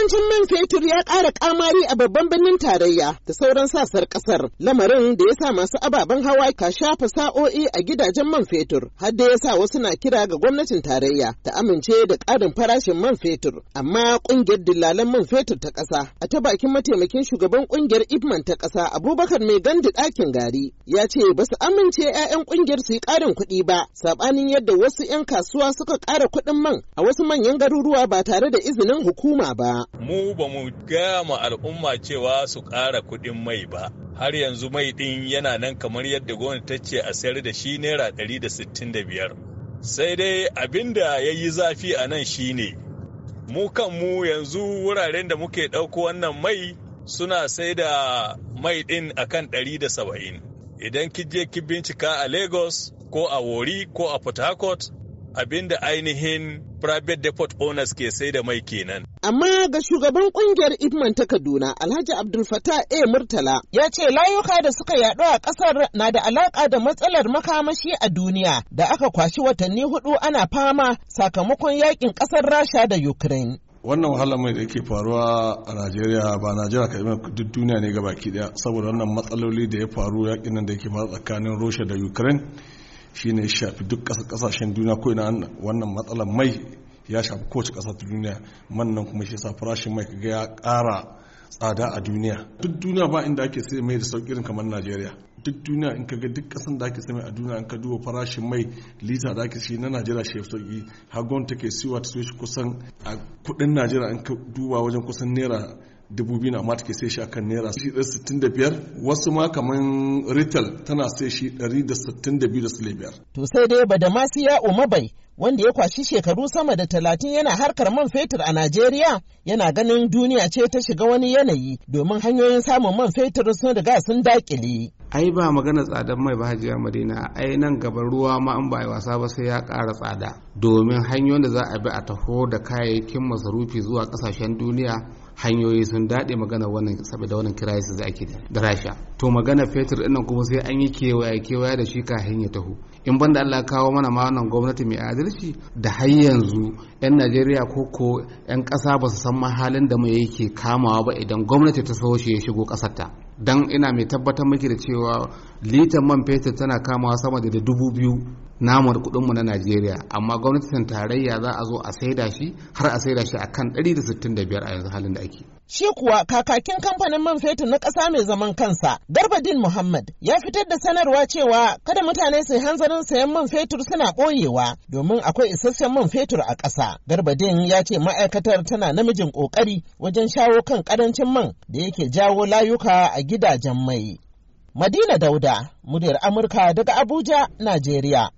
yawancin man fetur ya ƙara kamari a babban birnin tarayya da sauran sassar ƙasar, lamarin da ya sa masu ababen hawa ka shafa sa'o'i a gidajen man fetur, har da ya sa wasu na kira ga gwamnatin tarayya ta amince da ƙarin farashin man fetur. Amma ƙungiyar dillalan man fetur ta ƙasa, a ta bakin mataimakin shugaban ƙungiyar Ibman ta ƙasa Abubakar Mai gandu ɗakin gari, ya ce ba su amince 'ya'yan ƙungiyar su yi ƙarin kuɗi ba, saɓanin yadda wasu 'yan kasuwa suka ƙara kuɗin man a wasu manyan garuruwa ba tare da izinin hukuma ba. mu ba mu gaya ma al'umma cewa su ƙara kuɗin mai ba har yanzu mai ɗin yana nan kamar yadda gwamnati ta ce a sayar da shi naira 165 sai dai abin da ya yi zafi a nan shine mu kanmu yanzu wuraren da muke ɗauko wannan mai suna sai da mai ɗin a kan 170 idan ki je ki bincika a lagos ko a wori ko a port harcourt abinda ainihin private depot owners ke sai da mai kenan. Amma ga shugaban kungiyar Ibman ta Kaduna Alhaji Abdul Fattah A Murtala ya ce layuka da suka yaɗu a ƙasar na da alaƙa da matsalar makamashi a duniya da aka kwashi watanni hudu ana fama sakamakon yakin ƙasar Rasha da Ukraine. wannan wahala mai da yake faruwa a najeriya ba najeriya ka duk duniya ne ga baki daya saboda wannan matsaloli da ya faru yakin nan da yake faru tsakanin rusha da ukraine shine shafi duk kasashen duniya ko ina wannan matsalar mai ya shafi kowace ƙasa ta duniya mannan kuma shi sa farashin mai kaga ya ƙara tsada a duniya duk duniya ba inda ake sai mai da sauƙi kamar Najeriya duk duniya in kaga duk ƙasan da ake sai a duniya in ka duba farashin mai lita da ake shi na Najeriya shi sauƙi har gwamnati take siwa ta shi kusan a kuɗin Najeriya in ka duba wajen kusan naira dubu biyu mata ke sai shi akan naira sittin da biyar wasu ma kamar rital tana sai shi ɗari da sittin da biyu da sule biyar. to sai dai ya umabai wanda ya kwashi shekaru sama da talatin yana harkar man fetur a najeriya yana ganin duniya ce ta shiga wani yanayi domin hanyoyin samun man fetur sun riga sun daƙile. ai ba magana tsadar mai ba hajiya madina ai nan gaban ruwa ma in ba wasa ba sai ya ƙara tsada domin hanyoyin da za a bi a taho da kayayyakin masarufi zuwa ƙasashen duniya hanyoyi sun daɗe magana wannan saboda wannan crisis da ake da rasha to magana fetur ɗin kuma sai an yi kewaya kewaya da shi kafin ya taho in banda Allah kawo mana ma wannan gwamnati mai adalci da har yanzu yan Najeriya ko ko yan ƙasa ba su san ma halin da mu yake kamawa ba idan gwamnati ta so shi ya shigo ƙasar dan ina mai tabbatar miki da cewa litan man fetur tana kamawa sama da dubu biyu namar kudinmu na najeriya amma gwamnatin tarayya za a zo a saida shi har a saida shi akan 165 a yanzu halin da ake shi kuwa kakakin kamfanin man fetur na ƙasa mai zaman kansa garbadin muhammad ya fitar da sanarwa cewa kada mutane su hanzarin sayan man fetur suna ɓoyewa domin akwai isasshen man fetur a ƙasa garbadin ya ce ma'aikatar tana namijin ƙoƙari wajen shawo kan ƙarancin man da yake jawo layuka a gidajen mai madina dauda muryar amurka daga abuja najeriya